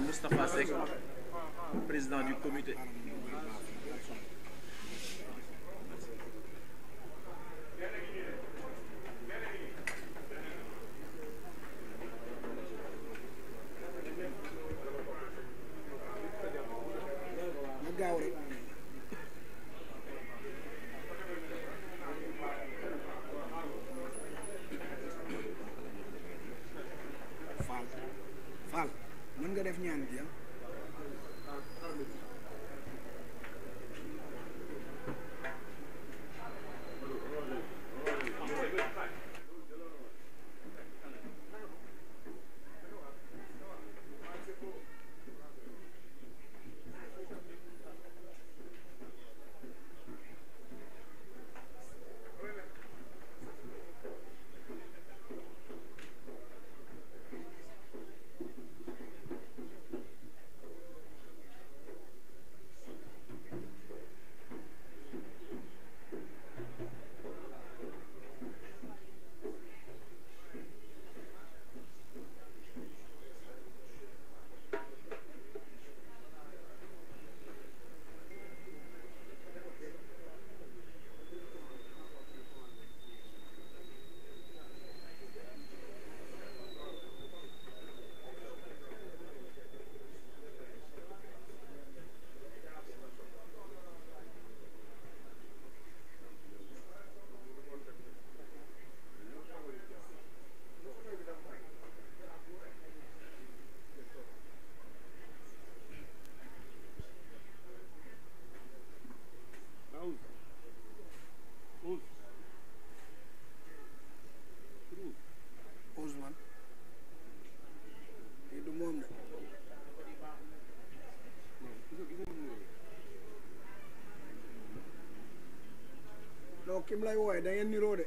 Moustapha Sek, président du comité. lay wooye da ngeen niroo de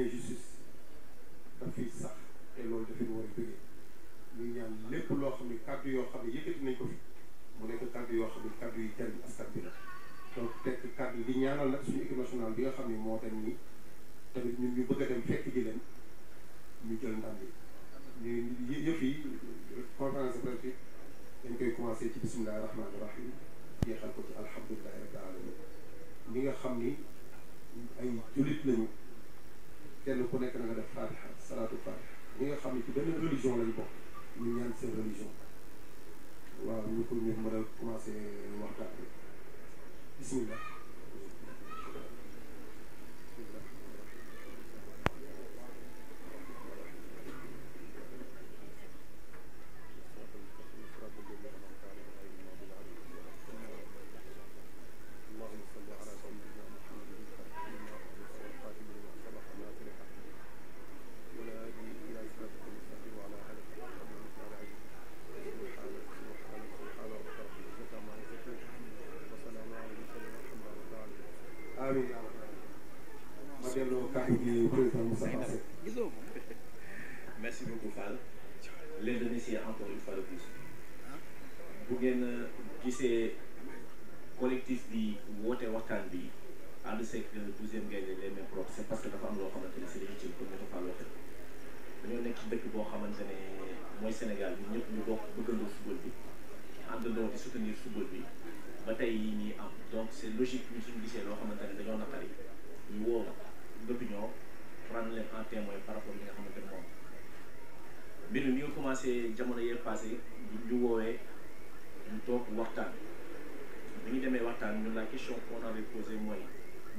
injustice dafay sax te loolu dafay war a jógee ñu ñaan lépp loo xam ne kàddu yoo xam ne yëkkati nañ ko fi mu nekk kàddu yoo xam ne kàddu yi jariñ askan bi la donc tekk kàddu di ñaanal nag suñu équipe nationale bi nga xam ne moo dem nii tamit ñun ñu bëgg a dem fekk ji leen ñu jël ndam bi ñu yëf yi conférence de presse bi dañ koy commencé ci bisimilahi rahmaani rahim jeexal ko ci alhamdulilahi rabbil alamin ñi nga xam ni ay julit lañu kenn ku nekk na a def fatiha salaatu fatiha nga xam ne ci benn religion lañ bokk ñu ñaan seen religion waaw ñu ko ñu mën a commencé waxtaan bi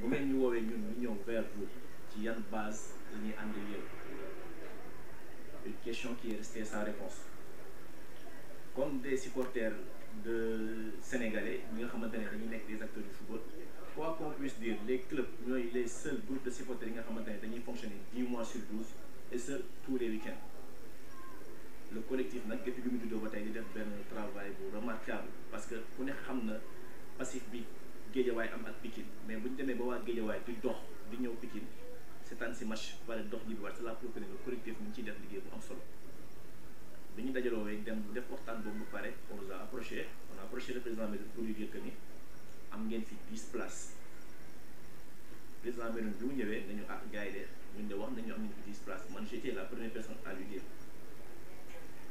bu nous ñu wowe ñun ñu ñëw vers vous ci yan base la ñuy ànd une question qui est restée sans réponse comme des supporters de sénégalais nous avons xamante dañuy des acteurs du football quoi qu'on puisse dire les clubs les seuls groupes de supporters yi nga xamante dañuy fonctionner dix mois sur 12 et ce tous les week-ends le collectif n'a pas bi mu ba travail remarquable parce que ku ne xam na passif bi géejawaay am ak Pikine mais bu ñu demee ba waa géejawaay di dox di ñëw Pikine seetaan si match wala dox ñibbi waat c'est la preuve que le collectif mu ci def liggéey bu am solo bi ñu dajaloo rek dem def waxtaan boobu ba pare on nous a approché on a approché le président Medoune pour lui dire que ni am ngeen fi 10 places président Medoune bi mu ñëwee nañu ah gars yi de ñun de wax nañu am nañu fi dix places man j'étais la première personne à lui dire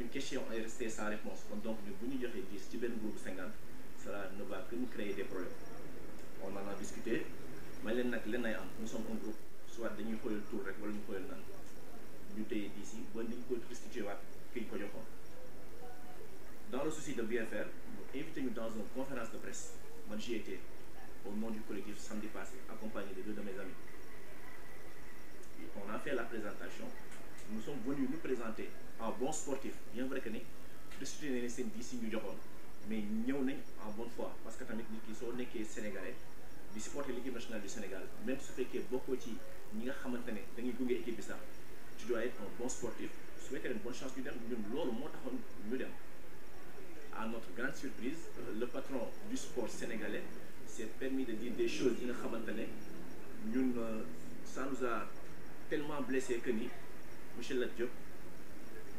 une question est restée sans réponse kon donc ñun bu ñu joxee dix ci benn groupe 50 cela ne va que nous créer des problèmes on en a discuté Mais leen am nous sommes un groupe soit dañuy xoolal tour rek wala ñu xoolal nan ñu téye Nous ba ñu ko restitué waat ko dans le souci de bien faire mu invité dans une conférence de presse moi j'y étais au nom du collectif samedi passé accompagné de deux de mes amis Et on a fait la présentation nous sommes venus nous présenter en bon sportif bien vrai que nous restitué nañ seen diis ñu joxoon mais nous sommes en bonne foi parce que nous sommes sénégalais sport supporter l'équipe nationale du Sénégal même si tu que beaucoup de gens pas dañuy équipe tu dois être un bon sportif souhaiter une bonne chance de faire à notre grande surprise le patron du sport sénégalais s'est permis de dire des choses yi euh, ça nous a tellement blessé que ni Michel Lat que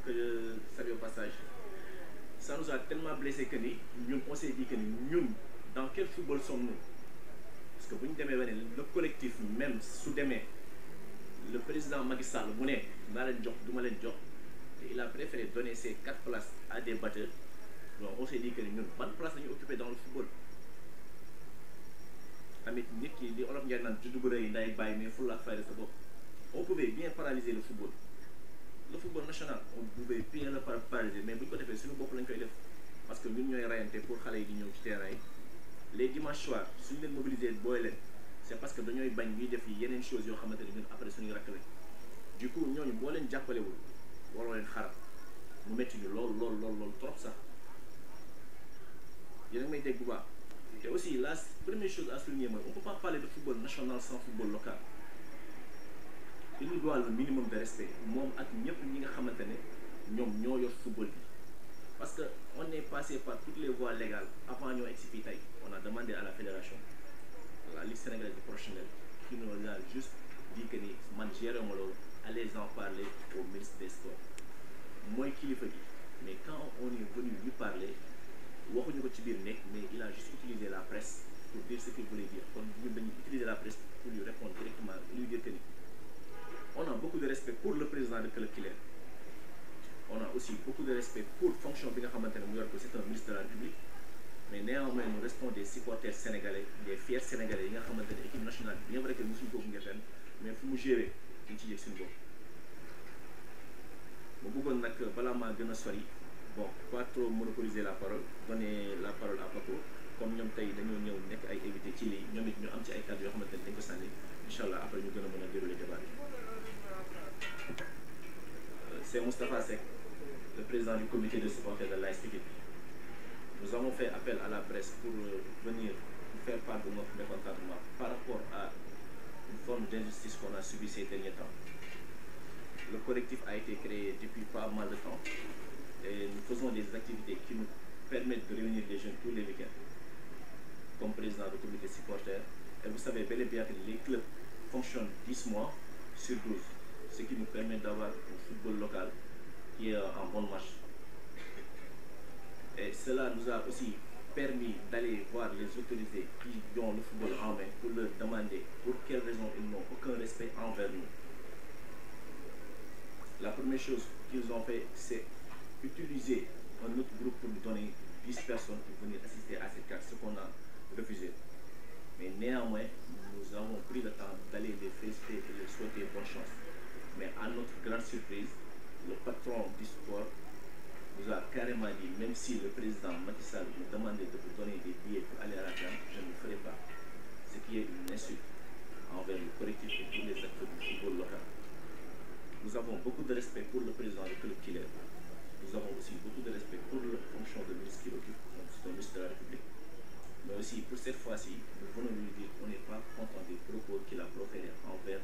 je euh, salue au passage ça nous a tellement blessé que nous, on s'est dit que nous, dans quel football sommes-nous parce que vous ñu le collectif même su le président Macky Sall bu ne jox du ma il a préféré donner ses quatre places à des batteurs donc on s'est dit que ñun ban place la ñu occupé dans le football tamit nit ki li olof ngeen naan juddu bu rëy mais il ak fayda sa on pouvait bien paralyser le football le football national on pouvait bien le paralyser mais bu ñu ko defee suñu bopp lañ koy parce que ñun ñooy rayante pour xale yi di ci terrain les dimanche soir suñu leen mobiliser boy leen c'est parce que dañoy bañ ñuy def yi yeneen choses yo xamanteni ñun après suñuy rakk du coup ñooñu boo leen wul waroo leen xaram mu metti ñu lool lool lool lool trop sax yéen a may dégg bu baax aussi la première chose à souligner mooy on peut pas parler de football national sans football local il nous doit le minimum de respect moom ak ñëpp ñi nga xamante ne ñoom ñoo yor football bi parce qu'on est passé par toutes les voies légales avant nous exécuter. On a demandé à la fédération, la Ligue sénégalaise professionnelle, qui nous a juste dit que nous Molo, allez-en parler au ministre des Sports. Moi qui l'ai fait. Mais quand on est venu lui parler, mais il a juste utilisé la presse pour dire ce qu'il voulait dire. On a utilisé la presse pour lui répondre directement, lui dire que on a beaucoup de respect pour le président de club on a aussi beaucoup de respect pour fonction bi nga ko c'est un ministre de la République mais néanmoins nous restons des supporters sénégalais des fiers sénégalais yi nga xamante équipe nationale bien vrai que mosuñu kooku ngefeen mais fu mu gérer dañ ci yëg suñu bopp ma bëggoon nag balaa maa gën sori bon pas trop monopoliser la parole donner la parole à Paco comme nous tey dañoo ñëw nekk ay éviter ci lii ñoom it ñu am ci ay cadres yoo xamante ne dañ ko après ñu gën a mën débat c'est Moustapha Sek, le président du comité de supporters de l'AS Nous avons fait appel à la presse pour euh, venir faire part de notre mécontentement par rapport à une forme d'injustice qu'on a subie ces derniers temps. Le collectif a été créé depuis pas mal de temps et nous faisons des activités qui nous permettent de réunir les jeunes tous les week-ends comme président du comité supporter. Et vous savez bel et bien que les clubs fonctionnent 10 mois sur 12 ce qui nous permet d'avoir un football local qui est en bonne marche. Et cela nous a aussi permis d'aller voir les autorités qui ont le football en main pour leur demander pour quelles raisons ils n'ont aucun respect envers nous. La première chose qu'ils ont fait, c'est utiliser un autre groupe pour nous donner 10 personnes pour venir assister à cette carte, ce qu'on a refusé. Mais néanmoins, nous avons pris le temps d'aller les féliciter et leur souhaiter bonne chance. Mais à notre grande surprise, le patron du sport nous a carrément dit, même si le président Matissal Sall demandait de vous donner des billets pour aller à Rakan, je ne le ferai pas. Ce qui est une insulte envers le collectif et tous les acteurs du football local. Nous avons beaucoup de respect pour le président du club qu'il est. Nous avons aussi beaucoup de respect pour le fonction de ministre qu'il occupe, donc de la République. Mais aussi, pour cette fois-ci, nous voulons lui dire qu'on n'est pas content des propos qu'il a proférés envers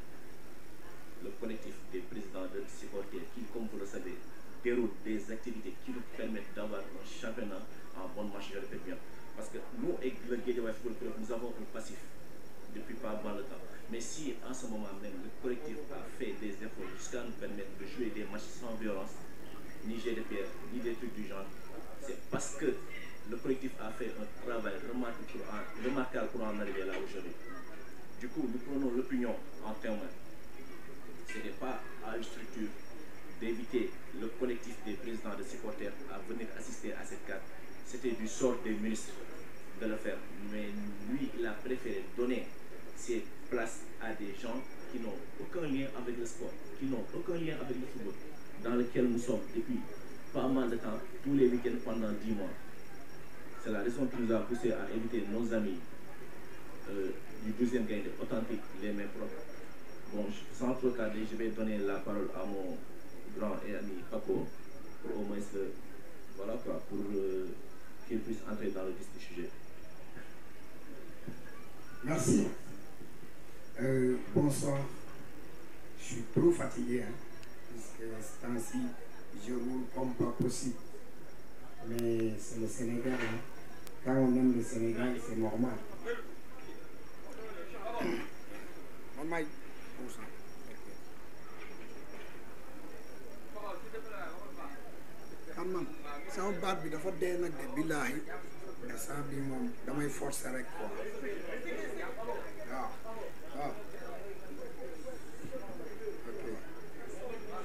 le collectif des présidents de supporters qui, comme vous le savez, déroule des activités qui nous permettent d'avoir un championnat en bonne marche, je bien. Parce que nous, et le nous avons un passif depuis pas mal de temps. Mais si en ce moment même, le collectif a fait des efforts jusqu'à nous permettre de jouer des matchs sans violence, ni GDPR, ni des trucs du genre, c'est parce que le collectif a fait un travail remarquable pour en, remarquable pour en arriver là aujourd'hui. Du coup, nous prenons l'opinion en témoin ce n'est pas à une structure d'éviter le collectif des présidents de supporters à venir assister à cette carte. C'était du sort des ministres de le faire. Mais lui, il a préféré donner ses places à des gens qui n'ont aucun lien avec le sport, qui n'ont aucun lien avec le football, dans lequel nous sommes depuis pas mal de temps, tous les week-ends pendant dix mois. C'est la raison qui nous a poussés à éviter nos amis euh, du deuxième gain authentique, les mains propres, Bon, sans trop tarder, je vais donner la parole à mon grand et ami Paco, pour au moins, euh, voilà quoi, pour euh, qu'il puisse entrer dans le vif du sujet. Merci. Euh, bonsoir. Je suis trop fatigué, hein, puisque ce temps-ci, je roule comme pas possible. Mais c'est le Sénégal. Hein. Quand on aime le Sénégal, c'est normal. xam sama baat bi dafa dee nag de billaahi instant bi moom damay forcer rek quoi waaw waaw ok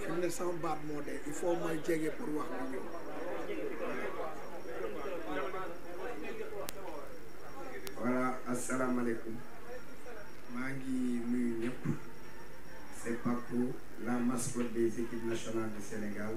fi mu ne sama baat moo dee il faut may jege pour wax bi ñëw voilà asalaamaaleykum maa ngi nuyu ñëpp c'est la mascotte des équipes nationales du Sénégal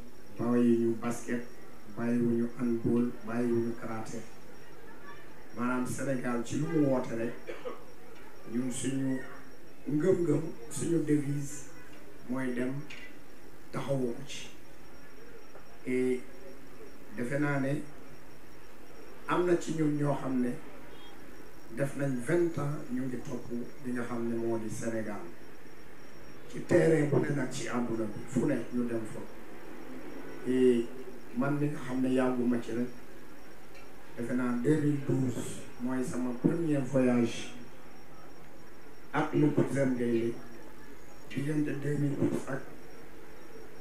bàyyi ñu basket bàyyi wu ñu handball bàyyi ñu karaté maanaam Sénégal ci lu mu woote rek ñun suñu ngëm-ngëm suñu devise mooy dem taxawoo ci defe naa ne am na ci ñun ñoo xam ne def nañ vingt ans ñu ngi topp li nga xam ne moo di Sénégal ci terrain bu ne nag ci àdduna bi fu ne ñu dem fa Eh, man mi nga xam ne yàgguma ci rek defe naa 2012 mooy sama premier voyage ak lu ko seen ngay li diggante 2012 ak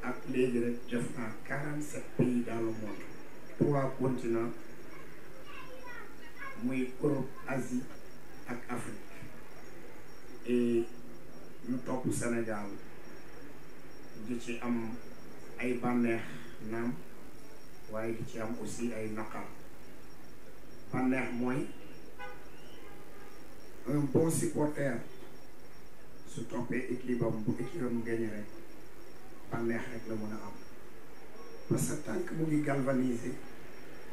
ak léegi rek def naa 47 pays dans le monde trois continents muy Europe Asie ak Afrique et eh, ñu topp Sénégal di ci am ay bànneex nam waaye di ci am aussi ay naqar banex moy un bon supporter su trompé équilibre am bu équipe am gagné rek banex rek la mën am parce que tant que mu ngi galvaniser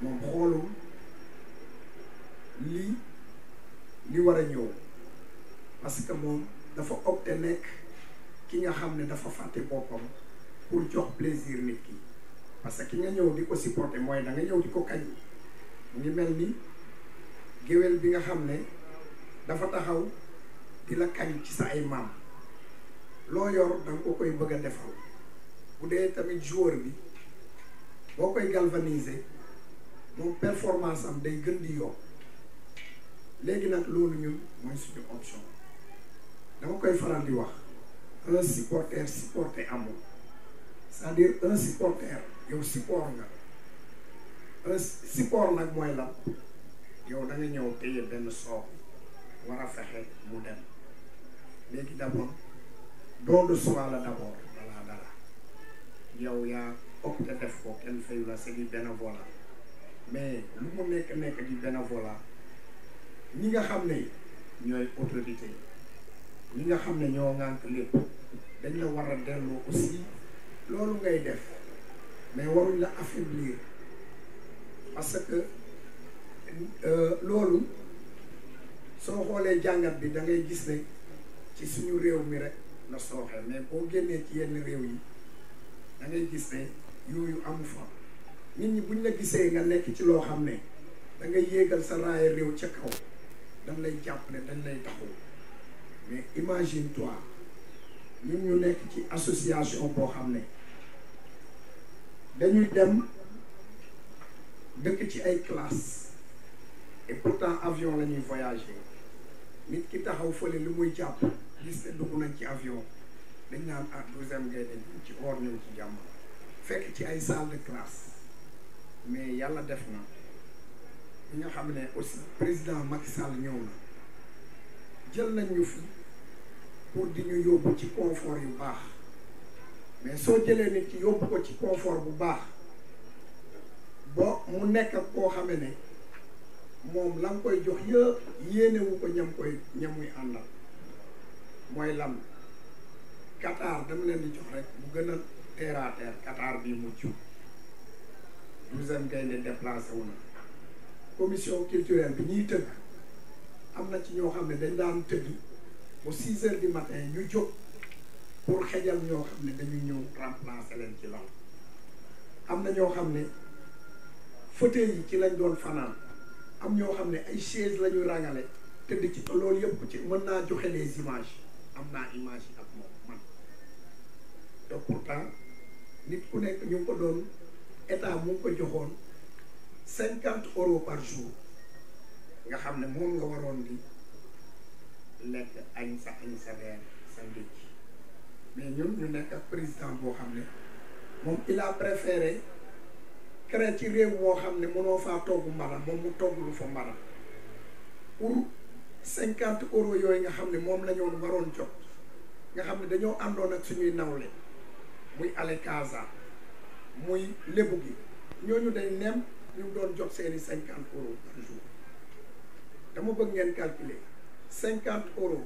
moom xolum li li wara a ñëw parce que mom dafa opté nek ki nga xamné dafa fàtte boppam pour jox plaisir nit ki parce que ki nga ñëw di ko supporter mooy da nga ñëw di ko kañ mu ngi mel ni géwél bi nga xam ne dafa taxaw di la kañ ci sa ay maam loo yor da koy bëgg a defal bu dee tamit joueur bi boo koy galvanise moo performance am day gën di yokk léegi nag loolu ñun mooy suñu option dama koy faral di wax un supporter supporter amul c'est-à-dire un yow support nga un support nag moy lan yow da nga ñew téye ben soow wara fexé mu dem légui d'abord do do soi la d'abord balaa dara yow ok ta def ko ken fay la c'est ben vola mais lu mu nek nek di vola ñi nga xamné ñoy autorité ñi nga xamné ño ngank lepp dañ la wara delu aussi lolu ngay def mais on la affaiblir parce que euh, lolu so xolé jàngat bi da ngay gis ne ci suñu réew mi la soxé mais pour génnee ci yenn réew yi da ngay gis ne yooyu nit mais imagine toi ñun ñu nekk ci association dañuy dem dëkk ci ay classe et pourtant avion lañuy voyager nit ki taxaw fële lu muy jàpp gis ne dugg nañ ci avion dañ naan ah deuxième ngay dañ ci or ñëw ci jàmm fekk ci ay salle de classe mais yàlla def na ñi nga xam ne aussi président Macky Sall ñëw na jël nañ ñu fi pour di ñu yóbbu ci confort yu baax mais soo jëlee nit ki yóbbu ko ci confort bu baax bo mu nekk ak koo xame ne moom la koy jox yëpp yéenewu ko ñam koy ñamuy àndal mooy lam Qatar dama leen di jox rek bu gën a terre à terre Qatar bii mujj douzième gaynde déplacé wu na commission culturelle bi ñuy tëgg am na ci ñoo xam ne dañ daan tëgg ba six heures du matin yu jóg pour xejal ñoo xam ne dañuy ñëw remplacer leen ci lal am na ñoo xam ne fauteuil yi ci lañ doon fanaan am ñoo xam ne ay chaise la ñu rangale tëdd ci loolu yëpp ci mën naa joxe les images am naa image yi ak moom man te pourtant nit ku nekk ñu ngi ko doon état mu ngi joxoon cinquante euros par jour nga xam ne moom nga waroon ni lekk añ sa añ sa reer sa ndékki mais ñun ñu nekk ak président boo xam ne moom il a préféré créer ci réew moo xam ne mënoo faa togg mbaram moom mu togg lu fa mbaram pour cinquante euros yooyu nga xam ne moom la ñoon waroon jot nga xam ne dañoo àndoon ak suñuy nawle muy ale Casa muy lébu gi ñooñu day nem ñu doon jot seeni cinquante euros par jour dama bëgg ngeen calculer cinquante euro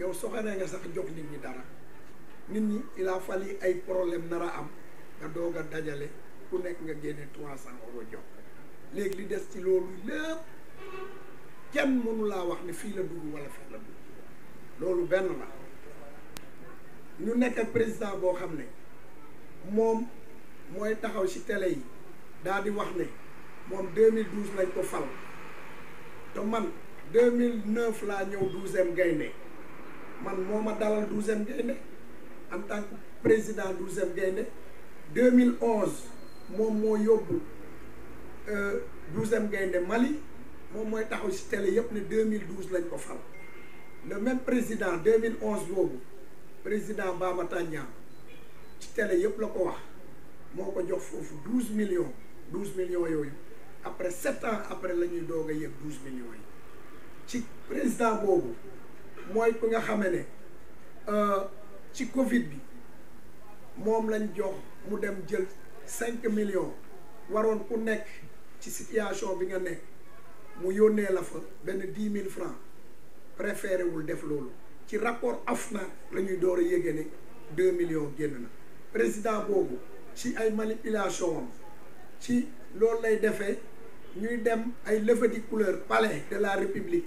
yow soxoree nga sax jox nit ñi dara nit ñi il a fallu ay problème nar a am nga doog a dajale ku nekk nga génne trois cent euros jox léegi li des ci loolu lépp kenn mënu laa wax ne fii la dugg wala fii la dugg loolu benn la ñu nekk ak président boo xam ne moom mooy taxaw ci tele yi daal di wax ne moom 2012 lañ ko fal te man 2009 laa ñëw douzième gaynde man moo ma dalal douzième gaynde en tant que président douzième gaynde 2011 moom moo yóbbu euh, douzième gaynde Mali moom mooy taxaw ci télé yëpp ne 2012 lañ ko fal le même président 2011 boobu président Baba Tandian ci télé yëpp la ko wax moo ko jox foofu 12 millions 12 millions yooyu après sept ans après la ñuy doog a yëg 12 millions yi ci président boobu. moy ko nga xamé euh ci covid bi mom lañ jox mu dem 5 millions waron ku nek ci situation bi nga nek mu yonné la fa ben 10 000 francs préféré wul def lolu ci rapport afna lañuy doore yégué 2 millions genn na président bobu ci ay manipulation ci lolu lay défé ñuy dem ay levé de couleur palais de la république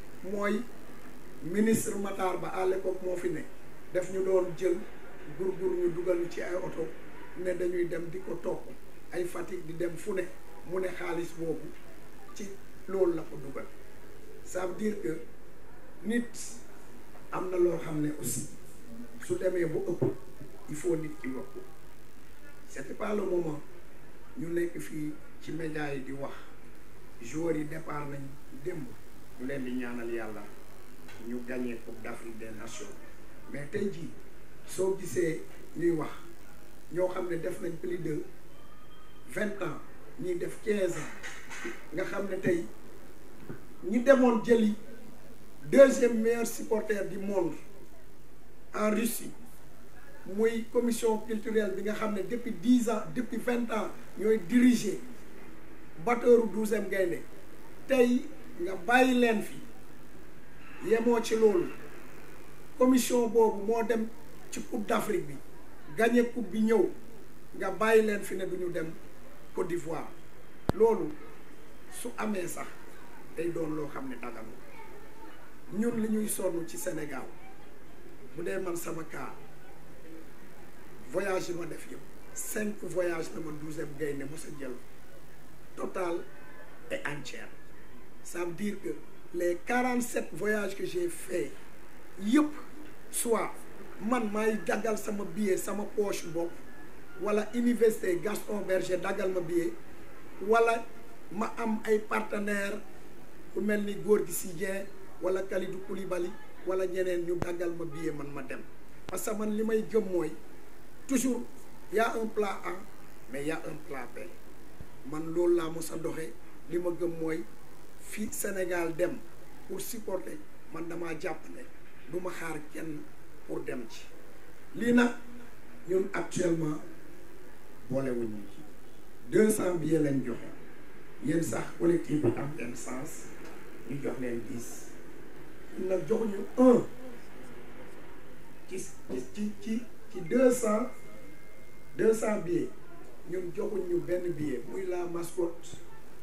mooy ministre Matar Ba à l'époque moo fi ne def ñu doon jël gurgur ñu dugal ci ay oto ne dañuy dem di ko topp ay Fatick di dem fu ne mu ne xaalis boobu ci loolu la ko dugal ça veut dire que nit am na loo xam ne aussi su demee bu ëpp il faut nit ki wax ko c'était pas le ñu nekk fii ci média yi di wax joueurs yi départ nañ démb nous avons di ñaanal d'Afrique des nations mais ce plus de 20 ans nous def 15 ans nga avons deuxième meilleur supporter du monde en Russie Oui, commission culturelle depuis 10 ans depuis 20 ans dirigé batteur 12 douzième nga bàyyi leen fi yemoo ci loolu commission boobu moo dem ci coupe d'Afrique bi gagné coupe bi ñëw nga bàyyi leen fi ne du ñu dem Côte d'Ivoire loolu su amee sax day doon loo xam ne daganu ñun li ñuy sonn ci Sénégal bu dee man sama cas voyage yi ma def yëpp cinq voyage na ma douzième gaynde mu sa jël total et entière Ça veut dire que les 47 voyages que j'ai fait, yëpp soit man maay Dagal sama billet sama poche wala université Gaston Berger Dagal ma billet wala ma am ay partenaire comme les ni góor gi si wala Kalidou Koulibaly voilà ñeneen ñu dagal ma billet man ma dem parce que man limay may gëm toujours, toujours y a un plan A mais y a un plan B man lool la mos a doxee li gëm fii Sénégal dem pour supporter man dama jàpp ne du ma xaar kenn pour dem ci lii nag ñun actuellement boolewuñ ñu ci deux cent billets lañ joxe yéen sax collectif bi am benn sens ñu jox leen gis ñun nag joxuñu un ci ci ci ci deux cent deux cent billets ñun joxuñu benn billet muy la mascotte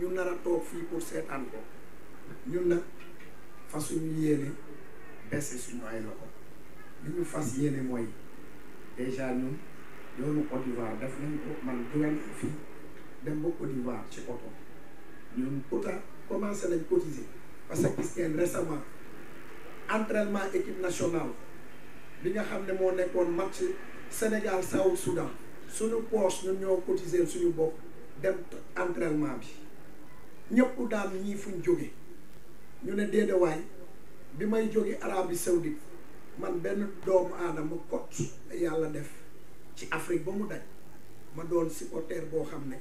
Nous n'avons pas de pour cette année. ñun déjà Côte d'Ivoire nous man nous avons dem Côte pourtant commencé cotiser parce que c'est récemment entraînement équipe nationale bi nous avons match Sénégal Saoud, Soudan suñu poste, nous nous sur suñu sur entraînement ñëpp daal ñii fuñ jóge ñu ne déedewaay bi may jóge Arabie Saoudite man benn doomu aadama kot yàlla def ci Afrique ba mu daj ma doon supporter boo xam ne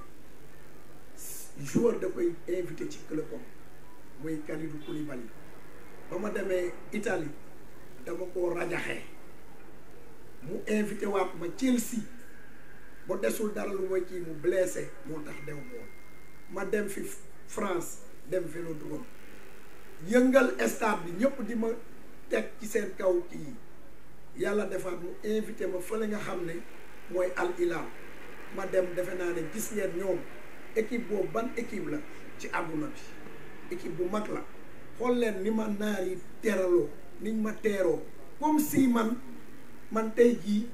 joueur da koy invité ci club am muy Kalidou Koulibaly ba ma demee Italie dama ko rajaxe mu invité waat ma Chelsea ba desul dara lu ma ci mu blessé moo tax dew moon ma dem fi France dem velo Vélodrome yëngal stade bi ñëpp di ma teg ci seen kaw kii yàlla defaat mu invité ma fële nga xam ne mooy Al Hilal ma dem defe naa ne gis ngeen ñoom équipe boobu ban équipe la ci àdduna bi équipe bu mag la xool leen ni ma naar yi teraloo niñ ma teeroo comme si man man tey jii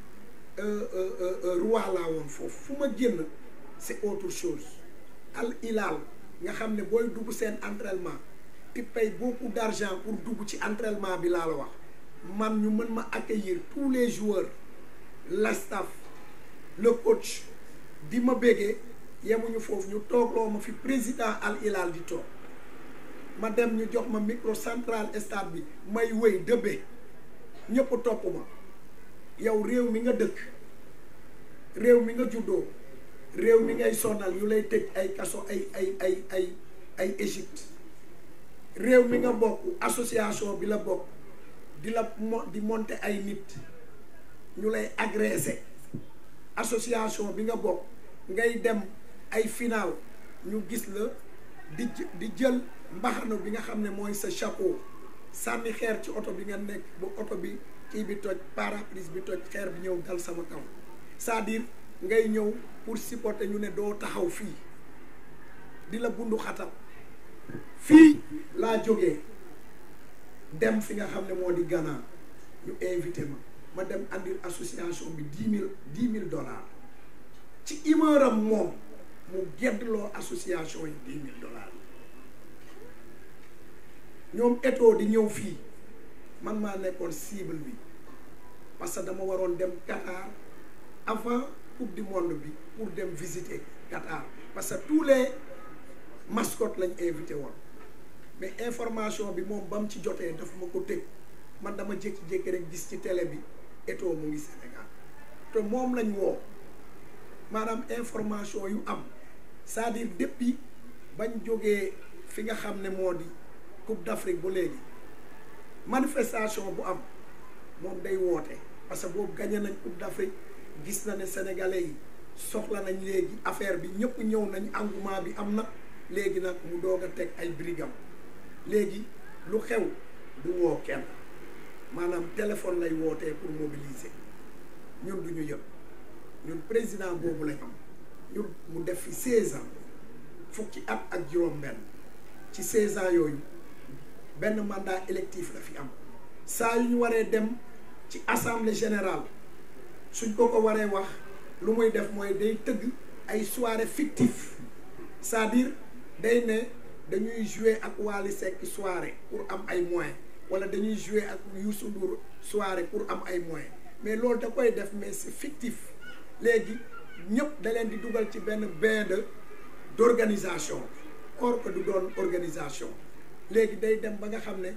euh, euh, euh, roi laa woon foofu fu ma génn c'est autre chose Al Hilal nga xam ne booy dugg seen entraînement tu payes beaucoup d'argent pour dugg ci entraînement bi laa la wax man ñu mën ma accueillir tous les joueurs la staff le coach di ma béggee yemuñu foofu ñu toogloo ma fi président Al Hilal di toog ma dem ñu jox ma micro central stade bi may wëy dëbbe ñëpp topp ma yow réew mi nga dëkk réew mi nga juddoo réew mi ngay sonal ñu lay tëj ay kaso ay ay ay ay ay Égypte réew mi nga bokk association bi la bokk di la mo di monter ay nit ñu lay agressé association bi nga bokk ngay dem ay final ñu gis la di di jël mbaxano bi nga xam ne mooy sa chapeau sànni xeer ci oto bi nga nekk ba oto bi kii bi toj paraprise bi toj xeer bi ñëw dal sama kaw cest ngay ñëw pour supporter ñu ne doo taxaw fii di la bundu xatal fii laa jóge dem fi nga xam ne moo di Ghana ñu invité ma ma dem andir association bi dix mille dix ci humeuram moom mu geddloo association yi dix mille yi ñoom Eto'o di ñëw fii man maa nekkoon cible bi parce que dama waroon dem Qatar avant coupe di monde bi pour dem visiter Qatar parce que tous les mascottes lañ invité woon mais information bi moom bam ci jotee dafa ma ko tëj man dama jékki-jékki rek gis ci télé bi Eto'o mu ngi Sénégal te moom lañ woo maanaam information yu am c'est-à-dire bañ jógee fi nga xam ne moo di Coupe d'Afrique bu léegi manifestation bu am moom day woote parce que boobu gañee nañ Coupe d'Afrique gis na ne sénégalais yi soxla nañ léegi affaire bi ñëpp ñëw nañu engouement bi am na léegi nag mu doog a teg ay birigam léegi lu xew du woo kenn maanaam téléphone lay wootee pour mobiliser ñun du ñu ñun président boobu lañ am ñun mu def fi seize fukki at ak juróom-benn ci seize yooyu benn mandat électif la fi am saa yu ñu waree dem ci assemblée générale. suñ ko ko waree wax lu muy def mooy day tëgg ay soirée fictive cest diir day ne dañuy jouer ak Wally Seck soirée pour am ay moins wala dañuy jouer ak Youssou Ndour soirée pour am ay moyens mais loolu da koy def mais c'est fictif léegi ñëpp da leen di dugal ci benn bain de d'organisation or que du doon organisation léegi day dem ba nga xam ne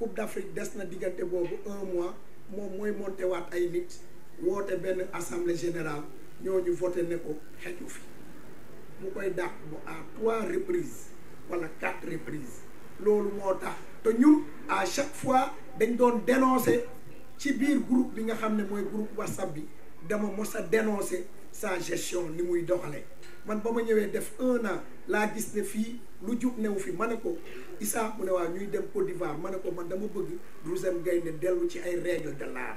Coupe d'Afrique des na diggante boobu un mois moom mooy monté ay nit woote benn assemblée générale ñooñu voté ne ko xeju fi mu koy dàq bu à trois reprises wala quatre reprises lolu moo tax te ñun à chaque fois dañ doon dénoncer ci biir groupe bi nga xamné ne groupe whatsapp bi dama mos dénoncer sa gestion ni muy doxalé man bama ñëwé def 1 an la gis ne lu jub néw fi ma ne ko Isa mu ne waa ñuy dem Côte d'Ivoire ma ko man dama bëgg Douzième Gaïndé delu ci ay règles de l'art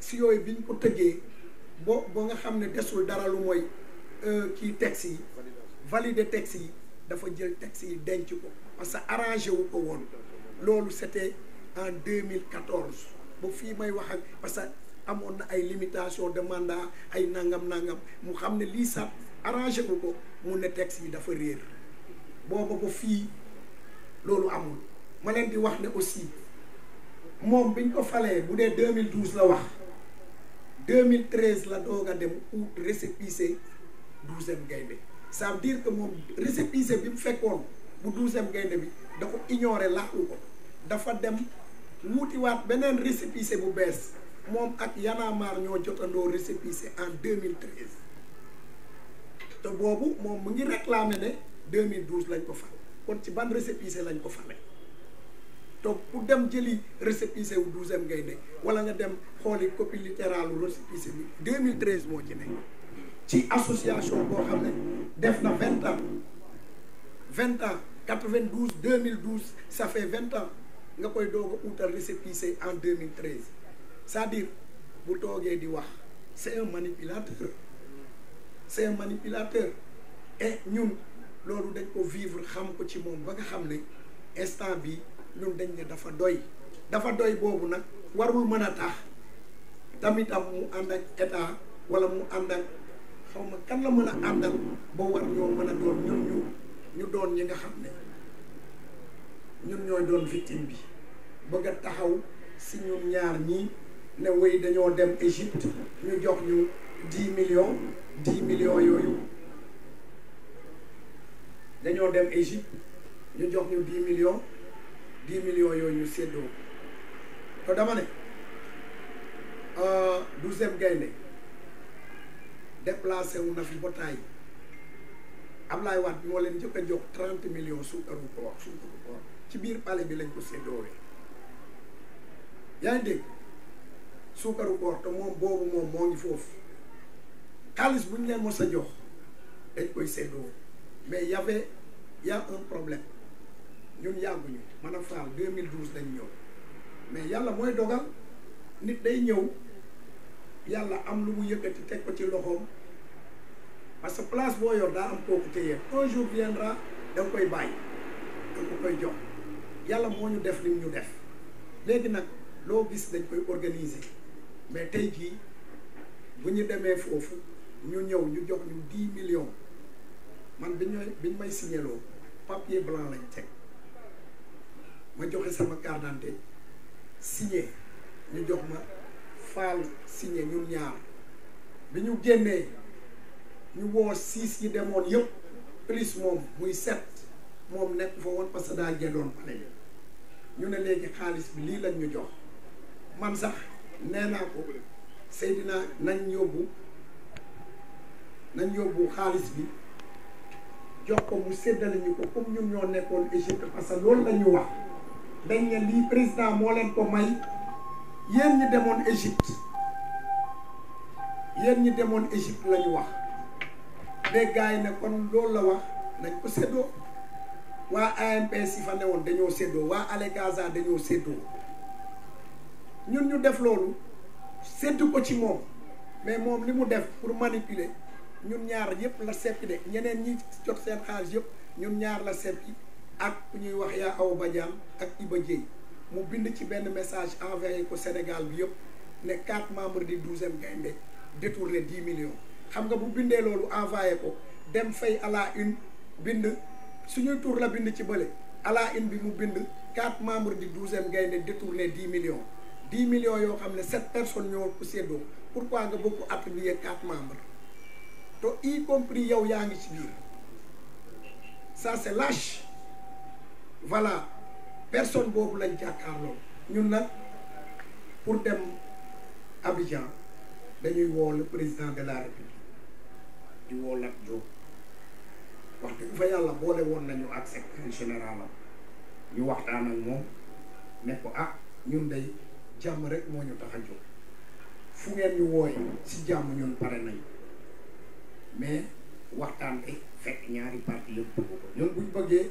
si yooyu bi biñ ko tëggee bo ba nga xam ne desul dara lu mooy euh, kii texte yi valider texte yi dafa jël texte yi denc ko parce que arrangé wu ko woon loolu c'était en mille 2014 boo fii may wax ak parce que amoon na ay limitation de ay nangam nangam mu xam ne lii sax arrangé wu ko mu ne texte yi dafa réer booba ba fii loolu amul ma leen di wax ne aussi mom biñ ko falé bu 2012 la wax 2013 la doga dem ut récépissé douzième gaynde ça veut dire que mom récépissé bi mu fekkone bu douzième gaynde bi da ko ignoré laaxu ko fa dem wat benen récépissé bu bees moom ak mar ñoo jotandoo récépissé en 2013 te bobu mom mu ngi réclamer né 2012 lañ ko fal kon ci ban récépissé lañ ko fale donc pour dem jeli récépissé wu douzième ngay ne wala nga dem xoli copie littérale u récépissé 2013 mo ci né ci association bo xamné def na 20 ans 20 ans 92 2012 ça fait 20 ans nga koy doog outal en 2013 c'est-à-dire bu togué di wax c'est un manipulateur c'est un manipulateur et nous, lolu dañ ko vivre xam ko ci mom ba nga xam instant bi ñun dañ ne dafa doy dafa doy boobu nag warul mën a tax tamit am mu ànd ak état wala mu ànd ak xaw kan la mën a àndal ba war ñoo mën a doon ñu ñu doon ñi nga xam ne ñun ñooy doon victime bi bëgg a taxaw si ñun ñaar ñii ne wéy dañoo dem Égypte ñu jox ñu dix million dix millions yooyu dañoo dem Égypte ñu jox ñu dix millions dix millions yooyu ñu séddoo te dama ne euh, douzième gaynde déplacé wu na fi ba taay Ablaye Wade moo leen jëkk a jox trente millions suukaru koor suukaru koor ci biir pale bi lañ ko séddoowee yaa ngi dégg suukaru koor te moom boobu moom moo ngi foofu xaalis bu ñu leen mos a jox dañ koy séddoo mais y avait un problème ñun yàgguñu man a mille 2012 dañ ñëw mais yàlla mooy dogal nit day ñëw yàlla am lu mu yëkkati teg ko ci loxoom parce que place boo yor daa am kooku téye un jour viendra da nga koy bàyyi da nga koy jox yàlla moo ñu def lim ñu def léegi nag loo gis dañ koy organiser mais tey jii bu ñu demee foofu ñu ñëw ñu jox ñu dix millions man bi ñooy bi ñu may signéloo papier blanc lañ teg ma joxe sama carte d'identité signé ñu jox ma faal signé ñun ñaar bi ñu génnee ñu woo six yi demoon yëpp plus moom muy sept moom nekk fa woon parce que daa jëndoon pale ñu ne léegi xaalis bi lii lañ ñu jox man sax nee naa ko Seydina nañ yóbbu nañ yóbbu xaalis bi jox ko mu séddale ñu ko comme ñun ñoo nekkoon Égypte parce que loolu la ñu wax dañ ne lii président moo leen ko may yéen ñi demoon Égypte yéen ñi demoon Égypte lañu wax mais gars yi ne kon loolu la wax nañ ko séddoo waa ANPS yi fa newoon dañoo séddoo waa Ale Gaza dañoo séddoo ñun ñu def loolu séddu ko ci moom mais moom li mu def pour manipuler ñun ñaar yépp la seppi de ñeneen ñi jot seen xaalis yëpp ñun ñaar la seppi ak ñuy wax ya aw badiam ak iba djey mu bind ci ben message envoyé ko sénégal bi yépp né 4 membres du 12e gaynde détourné 10 millions xam nga bu bindé lolu envoyé ko dem fay ala une bind suñu tour la bind ci balé ala une bi mu bind membres du 12e gaynde détourné 10 millions 10 millions yo 7 personnes ñoo ko sédo pourquoi nga bëgg attribuer 4 membres to y compris yow yaangi ci bir ça c'est lâche voilà personne ne lañ jàkkaarloo ñun Nous, pour dem Abidjan dañuy le président de la république di avons Lat Jo. wax dëgg fa yalla bolé won nañu ak secrétaire général ñu waxtaan ak mom ne ko ah ñun day jàmm rek moo ñu fu si ñun paré nañ mais waxtaan nous fek ñaari parti le bëgg ñun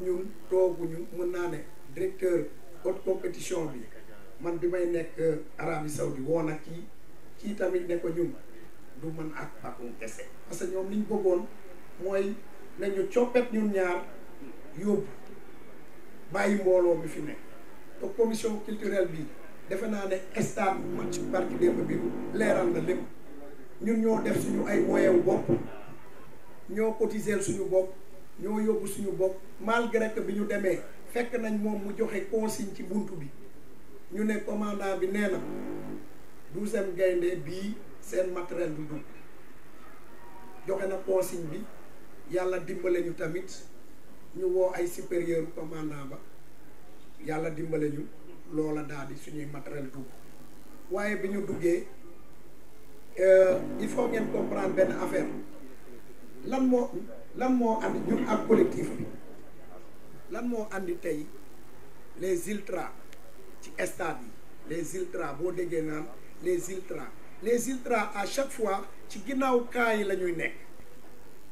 ñun tooguñu mën naa ne directeur haute compétition bi man bi may nekk euh, Arabie Saoudi woo na kii kii tamit ne ko ñun du man ak Bakhoum kese parce que ñoom li ñu bëggoon mooy nañu coppet ñun ñaar yóbbu bàyyi mbooloo bi fi nekk te commission bi defe naa ne stade man ci parti démb bi leeral na lépp ñun ñoo def suñu ay moyen bopp ñoo cotiser suñu bopp ñoo yóbbu suñu bopp mal que bi ñu demee fekk nañ moom mu joxe consigne ci buntu bi ñu ne commandant bi nee na douzième gaynde bii seen matériel bi dugg joxe na consigne bi yàlla dimbale ñu tamit ñu woo ay supérieur commandant ba yàlla dimbale ñu loola daal di suñuy matériel dugg waaye bi ñu duggee euh, il faut ngeen comprendre benn affaire lan moo lan andi ñun ak collectif lan moo andi les ultras ci stade yi les ultras boo déggee les ultras les ultras à chaque fois ci ginnaaw camp yi la ñuy nekk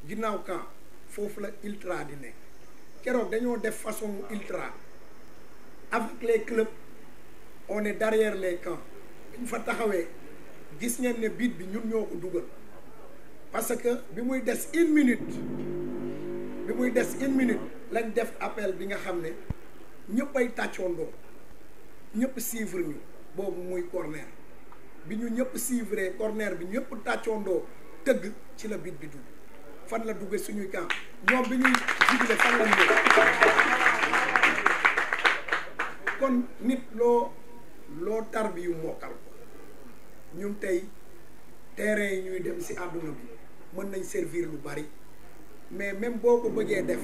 ginnaaw camp foofu la ultra di nekk keroog dañoo def façon ultra avec les clubs on est derrière les camps une fa taxawé gis ngeen né bit bi ñun ñoko duggal parce que bi muy des une minute bi muy des une minute lañ def appel bi nga xam ne ñëpp ay tàccoondoo ñëpp suivre ñu boobu muy corner bi ñu ñëpp suivre corner bi ñëpp tàccoondoo tëgg ci la bit bi dugg fan la duggee suñu camp ñoom bi ñuy jubile fan la ñu kon nit loo loo tar bi yu mokkal ñun tey terrain yi ñuy dem si àdduna bi mën nañ servir lu bari mais même boko bëggé def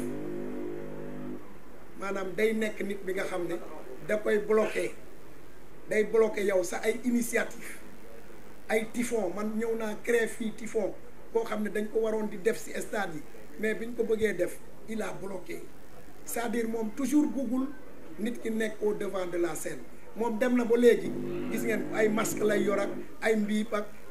manam day nek nit bi nga xamné da koy bloquer day bloquer yow sa ay initiative ay tifon, man ñëw na créer fi tifon boo xamné dañ ko waron di def ci stade yi mais biñ ko bëggé def il a bloqué c'est-à-dire mom toujours google nit ki nek au devant de la scène mom dem na ba légui gis ngeen ay masque lay yor ak ay mbiip ak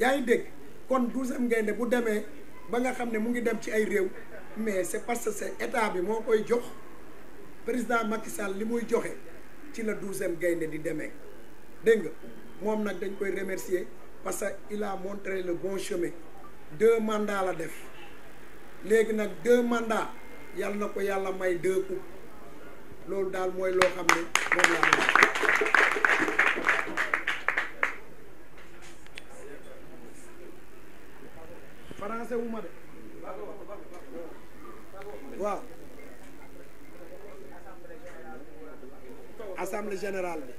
yaa ngi dégg kon 12e gaynde bu demee ba nga xam ne mu ngi dem ci ay réew mais c'est parce que c'est état bi moo koy jox président Macky Sall li muy joxe ci la 12e gaynde di demee dégg nga moom nag dañ koy remercier parce que il a montré le bon chemin deux mandats la def léegi nag deux mandats yàlla na ko yàlla may deux coups loolu daal mooy loo xam ne moom laa français wu ma de waaw assemblée générale bi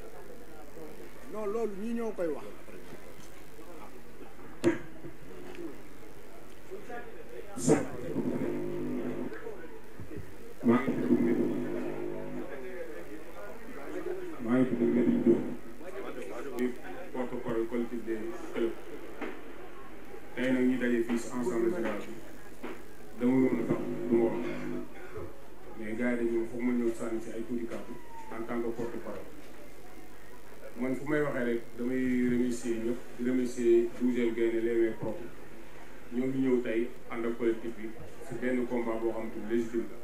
non loolu ñi koy wax fii si ensemble village dama woon a tax du wax mais gars yi dañu ma ñëw sànni si ay tuuti kàddu en tant que porte parole man fu may waxee rek damay remercier ñëpp di remercier douzième Gaindé les mains propres ñoo ñëw tey ànd ak collectif bi si benn combat boo xam te légitime la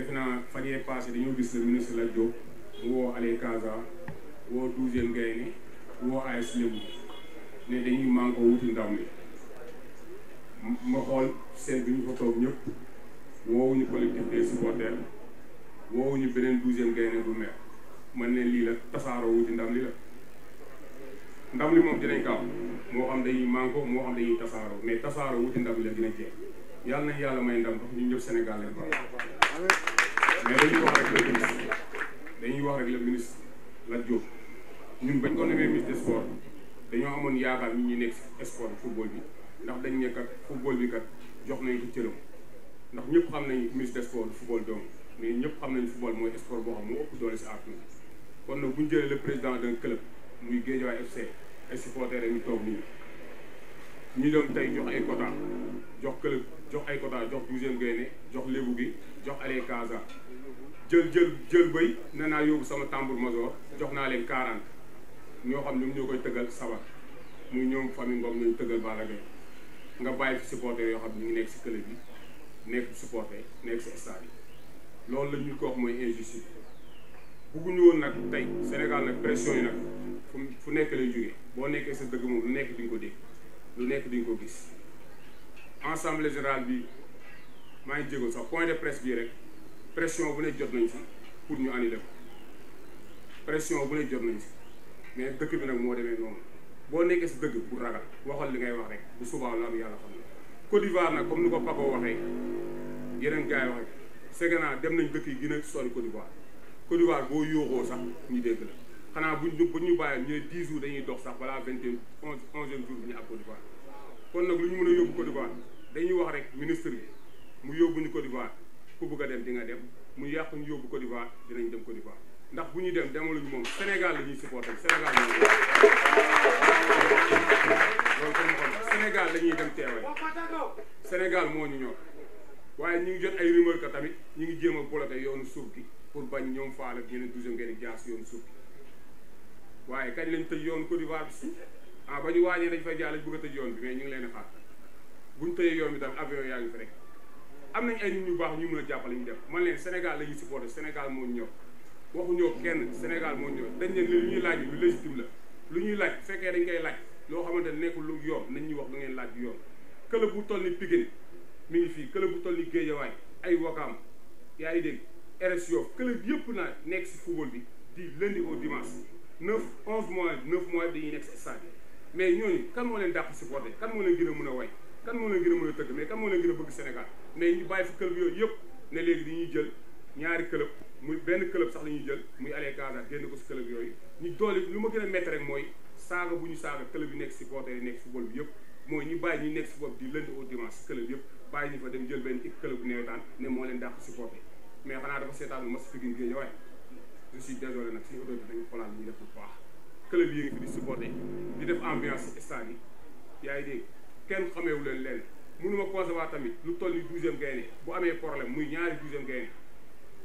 def naa fan yee passé dañoo gis le ministre Lat Diop mu woo Allé Casa woo douzième Gaindé woo AS Lébu ne dañuy manko wuti ndaw mi mu ma xool seen bi ñu fa toog ñëpp woowuñu collectif des supporters woowuñu beneen douzième gaynde bu meer ma ne lii la tasaaroo wuti ndam li la ndam li moom dinañ ko am moo xam dañuy manko moo xam dañuy tasaaroo mais tasaaroo wuti ndam li la dina jeex yàlla nañ yàlla may ndam ndax ñun ñëpp Sénégal leen mais dañuy wax rek le ministre dañuy wax rek le ministre la Diop ñun bañ ko nemee ministre des sports dañoo amoon yaakaar ñi ñuy nekk sport football bi ndax dañ ne kat football bi kat jox nañ ko cëram ndax ñëpp xam nañ ministre des sports du football dong mais ñëpp xam nañ football mooy sport boo xam mu ëpp doole si àdduna kon nag bu ñu jëlee le président d'un club muy Guédiawaye FC ay supporters yi ñu toog nii ñu dem tey jox ay quota jox club jox ay quota jox douzième Gaïndé jox lébu gi jox Allez Casa jël jël jël bëy na naa yóbbu sama tambour major jox naa leen quarante ñoo xam ñu ñoo koy tëggal sabar muy ñoom famille Ngom ñooñu tëggal Balla nga bàyyi fi supporter yoo xam ne ñu ngi nekk si club bi nekk supporter nekk si stade yi loolu la ñu ko wax mooy injustice bugguñu woon nag tey Sénégal nag pression yi nag fu fu nekk lay jógee boo nekkee sa dëgg moom lu nekk di nga ko dégg lu nekk di nga ko gis ensemble général bi maa ngi jégal sax point de presse bii rek pression bu ne jot nañ si pour ñu annuler ko pression bu ne jot nañ si mais dëkk bi nag moo demee noonu. boo nekkee si dëgg bu ragal waxal li ngay wax rek bu subaa la am yàlla xam ne Côte d'Ivoire nag comme ni ko Papa waxee yeneen gars yi waxee Ségana dem nañ dëkk yi gën a sori Côte d'Ivoire Côte d'Ivoire boo yóoxoo sax ñu dégg la xanaa buñ buñ ñu bàyyi ñu ne jour jours dañuy dox sax balaa vingt et un onze onzième jour bi ñu ak Côte d'Ivoire kon nag lu ñu mën a yóbbu Côte d'Ivoire dañuy wax rek ministre yi mu yóbbu ñu Côte d'Ivoire ku bëgg dem di nga dem mu yàq yóbbu Côte d'Ivoire dinañ dem Côte ndax bu ñu dem demaluñu moom Sénégal la ñuy supporté Sénégal la ñuy loolu comme xam Sénégal la ñuy dem teewee Sénégal moo ñu ñor waaye ñu ngi jot ay rumeur que tamit ñu ngi jéem a bloqué yoonu suuf gi pour bañ ñoom faal ak ñeneen douze ngeen di jaas yoonu suuf gi waaye kañ lañ tëj yoonu Côte si ah, ba ñu waajee dañ fay jaar lañ bëgg a tëj yoon bi mais ñu ngi leen a xaar buñ tëjee yoon bi tam avion yaa ngi fi rek am nañ ay nit ñu baax ñu mën a jàppale ñu def man leen Sénégal la ñuy supporté Sénégal moo ñu waxuñoo kenn Sénégal moo ñëw dañ ne lu ñuy laaj lu légitime la lu ñuy laaj fekkee dañ koy laaj loo xamante ne nekkul lu yoon nañ wax lu ngeen laaj yoon club bu toll ni Pikine mi ngi fii club bu toll ni Guédiawaye ay Wakaam yaa ngi dégg RS Yoff club yëpp naa nekk si football bi di lundi au dimanche neuf onze mois neuf mois dañuy nekk si stade mais ñooñu kan moo leen dàq supporter kan moo leen gën a mën a way kan moo leen gën mën a mais kan moo bëgg Sénégal mais ñu bàyyi fi club yooyu yëpp ne léegi dañuy jël ñaari club muy benn club sax la ñuy jël muy aller Gaza génn ko si club yooyu ñu doole lu ma gën a métti rek mooy saaga bu ñu saaga club yi nekk supporter yi nekk football bi yëpp mooy ñu bàyyi ñu nekk si bopp di lënd au dimanche club yëpp bàyyi ñu fa dem jël benn ik club newetaan ne moo leen dàq supporter mais xanaa dafa seetaanu mas figin géej waaye je suis désolé nag suñu autorité dañu xoolaat li def bu baax club yi nga fi di supporter di def ambiance si stade yi yaa ngi dégg kenn xameewu leen leen mënu ma conserver tamit lu toll ni douzième gaynde bu amee problème muy ñaari douzième gaynde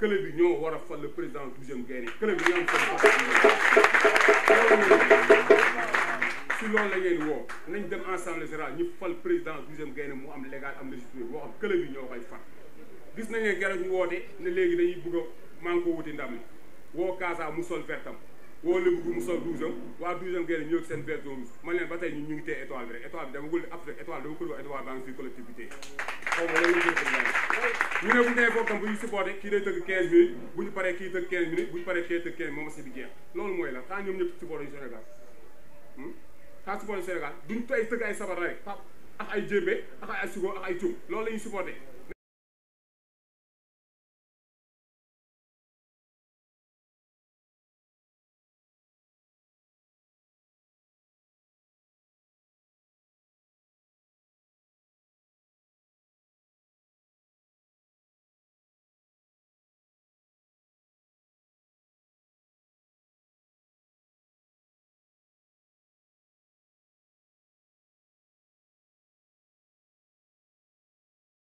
kële bi ñoo war a fal président douzième Gaïndé kële bi ñoo si loolu la ngeen woo nañ dem ensemble général ñu fal président douzième Gaïndé mu am légal am légitimité boo xam kële bi ñoo koy fal gis nañ ne garab ñu woote ne léegi dañuy bëgg a maa ko wuti ndam li woo Kaasa mu sol vertam woo Lébu bu mu sol douze am waa douze am gën a ñëw seen version bi man leen ba tey ñu ngi téye étoile bi rek étoile bi dama gul après étoile dama ko doon étoile dans une collectivité xaw ma loolu ñu ne bu tey foofu tam bu ñu supporté kii day tëgg quinze minutes bu ñu paree kii tëgg quinze minutes bu ñu paree kii tëgg quinze moom si bi jeex loolu mooy la xaa ñoom ñëpp supporté yu Sénégal hmm? xaa supporté yu Sénégal duñ tey tëgg ay sabar rek pap ak ay jémbe ak ay asugo ak ay cum loolu la ñuy supporté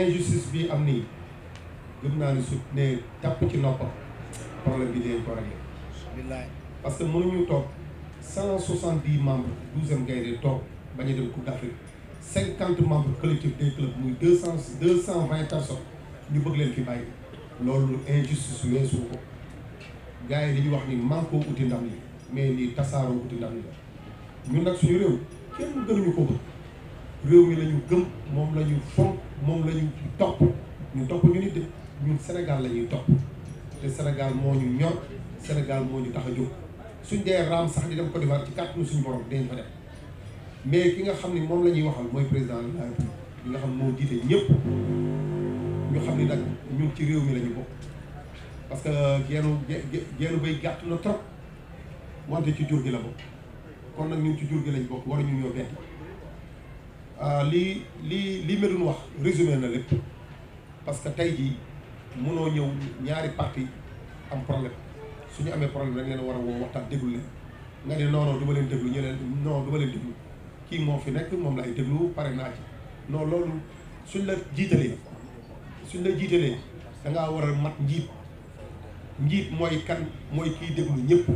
injustice bi am ni gëm naa ni su ne jàpp ci noppam problème bi dañ ko réglé parce que mënuñu toog cent soixante dix membres douzième gaynde toog bañ a dem Coupe d'Afrique cinquante membres collectif des clubs muy deux cent deux cent vingt personnes ñu bëgg leen fi bàyyi loolu injustice weesu ko gars yi dañuy wax ni manko uti ndam li mais ni tasaaroo uti ndam li la ñun nag suñu réew kenn gënuñu ko bëgg réew mi la ñu gëm moom la ñu fonk moom la ñu topp ñu topp ñu nit de ñun Sénégal la ñuy topp te Sénégal moo ñu ñor Sénégal moo ñu tax a jóg suñ dee raam sax di dem Côte d'Ivoire ci kàttanu suñu borom dañ fa dem mais ki nga xam ni moom la ñuy waxal mooy président de la nga xam moo jiite ñëpp ñu xam ni nag ñun ci réew mi lañu ñu bokk parce que geenu geenu bay gàtt na trop wante ci jur gi la bokk kon nag ñun ci jur gi lañ bokk waruñu ñoo bett Euh, lii lii lii Medoune wax résumé na lépp parce que tey jii mënoo ñëw ñaari parti am problème su ñu amee problème rek leen war a woo waxtaan déglu leen nga ne non du ma leen déglu ñu leen non ma leen déglu kii moo fi nekk moom la laay déglu pare naa ci non loolu suñ la jiitalee suñ la jiitalee da ngaa war a mat njiit njiit mooy kan mooy kii déglu ñëpp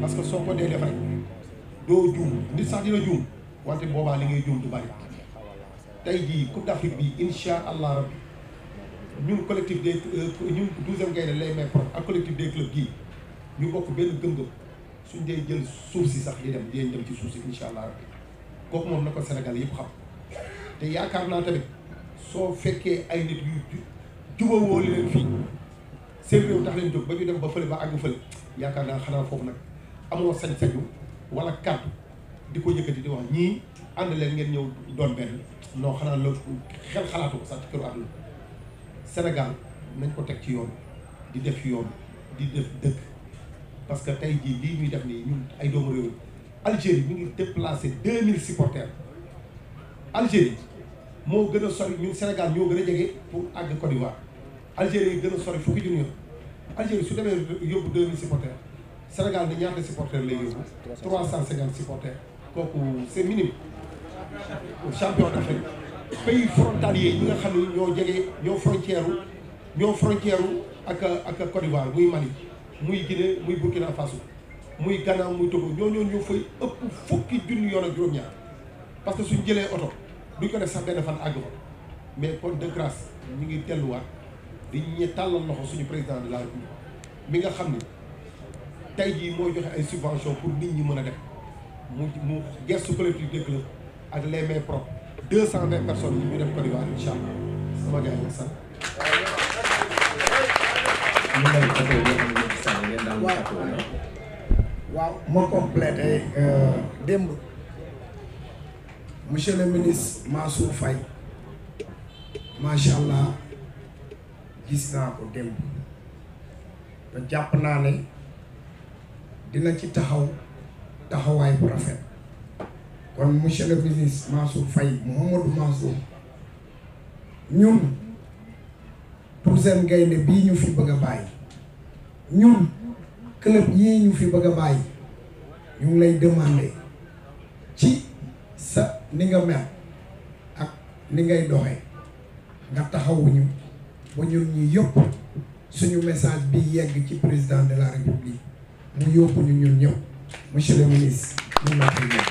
parce que soo ko dee def rek doo juum nit sax dina juum wante boobaa li ngay juum du bari tey jii Coupe d'Afrique bi incha allah rabbi ñun collectif des euh, ñun lay may ak collectif des clubs ñu bokk benn gëm-gëm suñ dee jël suuf si sax di dem dinañ dem ci suuf si incha allah rabbi kooku moom na ko Sénégal yëpp xam te yaakaar naa tamit soo fekkee ay nit yu jubawoo li leen fii seen réew tax leen jóg ba ñu dem ba fële ba àgg fële yaakaar naa xanaa foofu nag amoo sañ-sañu wala kàddu di ko yëkkati di wax ñii ànd leen ngeen ñëw doon benn. loo xanaa loo xel xalaatu ko sax ci këru àdduna Sénégal nañ ko teg ci yoon di def yoon di def dëkk parce que tey jii lii ñuy def nii ñun ay doomu réew bi ñu ngi déplacé deux mille supporters Algérie moo gën a sori ñun Sénégal ñoo gën a jege pour àgg Côte d'Ivoire Algérie gën a sori fukki junni yoon Algérie su demee yóbbu deux mille supporters Sénégal ni ñaata supporters lay yóbbu trois cent cinquante supporters kooku c'est minime champion d'Afrique pays frontalier yi nga xam ne ñoo jege ñoo frontière ñoo frontière ak ak Côte d'Ivoire muy Mali muy gine muy Burkina Faso muy Ghana muy Togo ñooñoo ñoo fay ëpp fukki junni yoon ak juróom-ñaar parce que suñ jëlee oto duñ ko def sax benn fan àgg fa mais kon de grâce ñu ngi delluwaat di ñe tàllal loxo suñu président de la République nga xam ne tey jii moo joxe ay subvention pour nit ñi mën a def mu mu gestu collectif dëkk la ak les mains deux cent vingt personnes ñu def Côte d'Ivoire incha allah sama gars yi waaw moo complété euh, démb monsieur le ministre Mansour Faye allah gis naa ko démb te jàpp naa ne dina ci taxaw taxawaay bu kon monsieur le ministre Mansour Faye Mouhamadou Mansour ñun Touzen Gaynde bii ñu fi bëgg a bàyyi ñun club ñu fi bëgg a lay demande ci sa ni nga mel ak ni ngay doxee nga taxawuñu ba ñun ñu yëpp suñu message bi yegg ci président de la république mu yóbbu ñu ñun ñëpp monsieur le ministre mun naa ko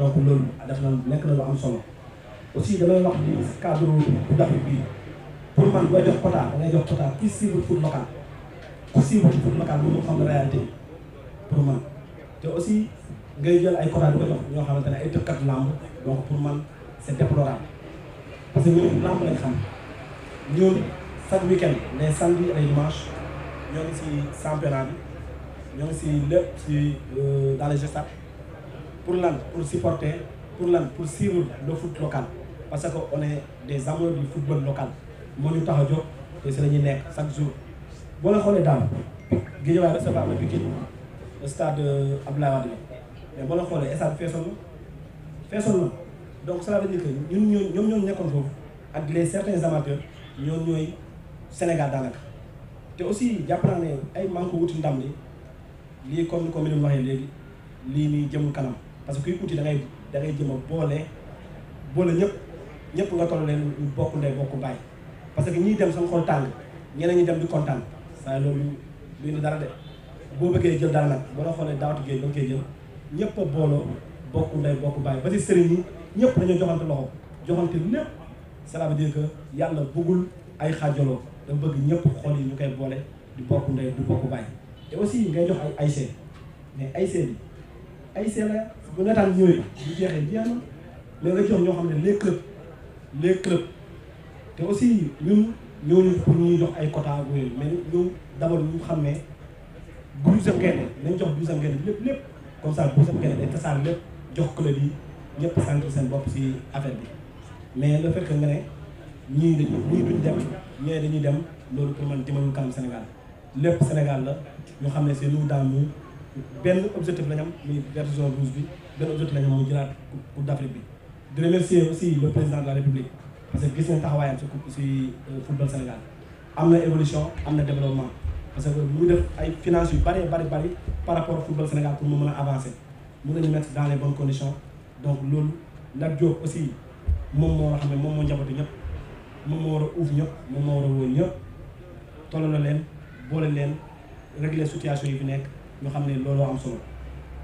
donc loolu def na nekk na lu am solo aussi damay wax ni cadre bu dafi bii pour man booy jox quota da ngay jox quota ki cible foot local ku cible foot local mënu xam réalité pour aussi ngay jël ay quota di ñoo xamante ne ay tëkkat làmb donc pour man c'est déplorable parce que ñun làmb lañ xam ñun chaque week-end les samedi ay dimanche ñoo ngi si championnat bi ñoo ngi si lépp si euh, dans les gestates pour l'an, pour supporter, pour l'an, pour suivre le foot local. Parce qu'on est des amoureux du football local. Mon c'est chaque jour. Bon, on est dans le le stade euh, Mais bon, on est, ça Donc cela veut dire que nous, sommes certains amateurs, nous, Sénégal Et aussi j'apprends que les ay ndam li parce que kuy uti da dangay da ngay boole boole ñëpp ñëpp nga toll leen bokk ndey bokk mbaay parce que ñii dem sama xol tàng ñeneen ñi dem di kontaan waaye loolu luy na dara de boo bëggee jël dara nag boo xoolee daawatu géej ba nga koy jël ñëpp a booloo bokk ndey bokk mbaay ba ci sëriñ yi ñëpp dañoo joxante loxo joxante lépp cela veut dire que yàlla bëggul ay xaajaloo da bëgg ñëpp xol yi ñu koy boole di bokk ndey du bokk mbaay te aussi ngay jox ay ay seen mais ay seen yi ay vous êtes ñëwee vous êtes les les clubs les clubs aussi nous, nous nous mais nous d'abord nous, les nous, nous, nous, comme ça nous nous, nous, mais le fait que sommes Nous nous nous dem nous Nous dem nous nous Sénégal Nous c'est nous dans nous je remercie aussi le président de la république parce que avons euh, football Sénégal évolution développement parce que Nous avons ay finances par rapport au football Sénégal pour nous avancer. avancer nous mettre dans les bonnes conditions donc aussi nous mon le mon nous mon mon mon mon uuf situation solo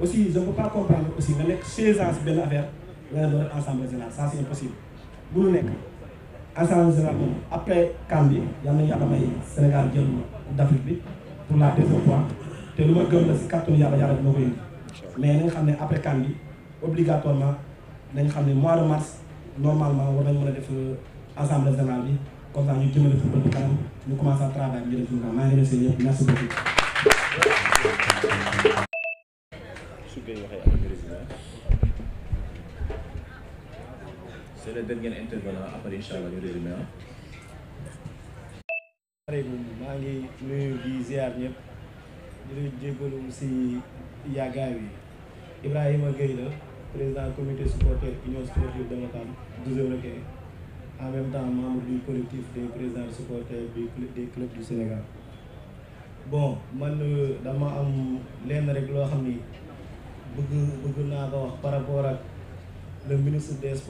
aussi je ne peux pas comprendre aussi nga nekk ans, benn affaire nga doon générale ça c'est impossible mënu nekk assemblée générale après CAN bi yal na yàlla may Sénégal jël d'Afrique bi pour la deuxième fois te lu ma gëm la si kàttanu yàlla mais nga après CAN obligatoirement nañ xam mois de mars normalement war nañ mën a def euh, assemblée générale bi comme ça ñu jëmale football bi kanam ñu commencé à travailler ñu def maa ngi remercié merci beaucoup. koy waxee ak président c'est le dernier intervenant après incha allah ngi nuyu di ziar ñëpp di leen jégalu si yàggaay wi Ibrahima Gueye la président comité supporter union sportive de Matam douze e e. en même temps membre du collectif des présidents supporters des clubs du Sénégal bon man euh, dama am lenn rek loo xam ni. bëgg bëgg naa ko wax par rapport ak le ministre des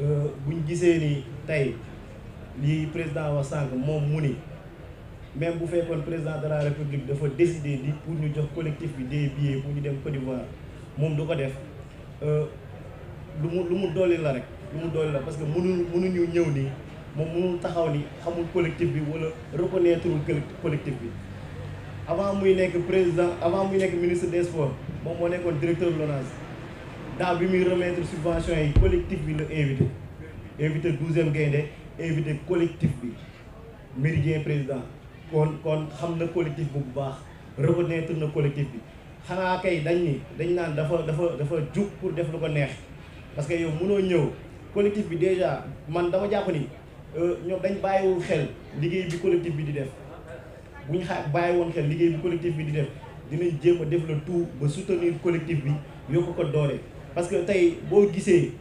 euh, bu ñu gisee ni tey lii président wax sànq moom mu ni même bu fekkoon président de la république dafa décider di pour ñu jox collectif bi des billets pour ñu dem Côte d'Ivoire moom du ko def euh, lu mu lu mu dolli la rek lu mu dolli la parce que mënuñu mënuñu ñëw nii moom mënul taxaw ni xamul collectif bi wala reconnaître collectif bi avant muy nekk président avant muy nekk ministre des sports moom moo nekkoon directeur LONASE da bi muy remettre subvention yi collectif bi la invité invité douzième gaynde invité collectif bi méridien président kon kon xam na collectif bu bu baax reconnaître na collectif bi xanaa kay dañ ni dañ naan dafa dafa dafa jug pour def lu ko neex parce que yow mënoo ñëw collectif bi déjà man dama jàpp ni euh, ñoom dañ bàyyiwul xel liggéey bi collectif bi di def bu ñu xa xel liggéey bi collectif bi di def dinañ jéem a def le tout ba soutenir collectif bi yokk ko doole parce que tey boo gisee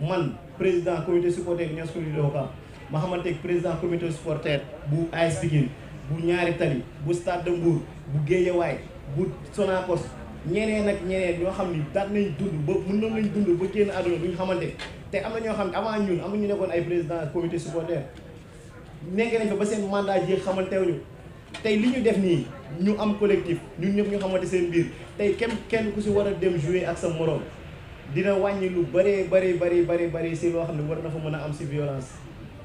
man président comité supporter Niass Koulibaly Ka ma xamante ne président comité supporter bu AS Pikine bu ñaari tali bu stadd de Mbour bu Guédiawaay bu Sonacos ñeneen ak ñeneen ñoo xam ni daan nañ dund ba mun noonu lañ dund ba génn àdduna bu ñu xamante te am na ñoo xam ne avant ñun am na ñu nekkoon ay président comité supporter nekk nañ fa ba seen mandat jeex xamante wuñu tey li ñu def nii ñu am collectif ñun ñëpp ñu xamante seen biir tey kenn kenn ku si war a dem jouer ak sa morom dina wàññi lu bëree bëri bëri bëri bëri si loo xam ne war na fa mën a am si violence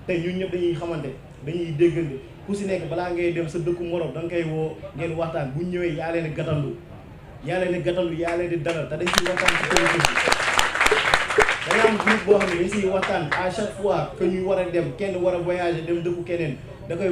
tey ñun ñëpp dañuy xamante dañuy déggante ku si nekk balaa ngay dem sa dëkku morom da nga koy woo ngeen waxtaan bu ñëwee yaa leen gatandu yaa leen gatandu yaa leen di dalal te dañ siy waxtaan si collectif bi dañu am groupe boo xam ne dañ siy waxtaan à chaque fois que ñuy war a dem kenn war a voyager dem dëkku keneen da koy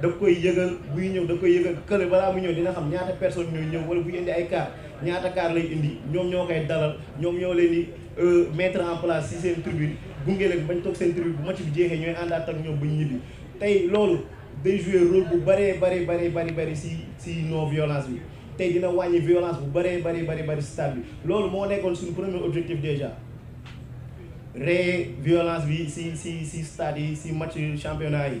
da koy yëgal buy ñëw da koy yëgal kële balaa mu ñëw dina xam ñaata personne ñooy ñëw wala buy indi ay car ñaata car lay indi ñoom ñoo koy dalal ñoom ñoo leen di euh, mettre en place si seen tribune gunge bañ toog seen tribune bu match bi jeexee ñooy àndaat ak ñoom bañ ñibbi tey loolu day jouer rôle bu bëree bëri bëri bari bëri si si non violence bi tey dina wàññi violence bu bëree bëri bari bari si stade bi loolu moo nekkoon suñu premier objectif déjà ree bi si si si yi si match championnat yi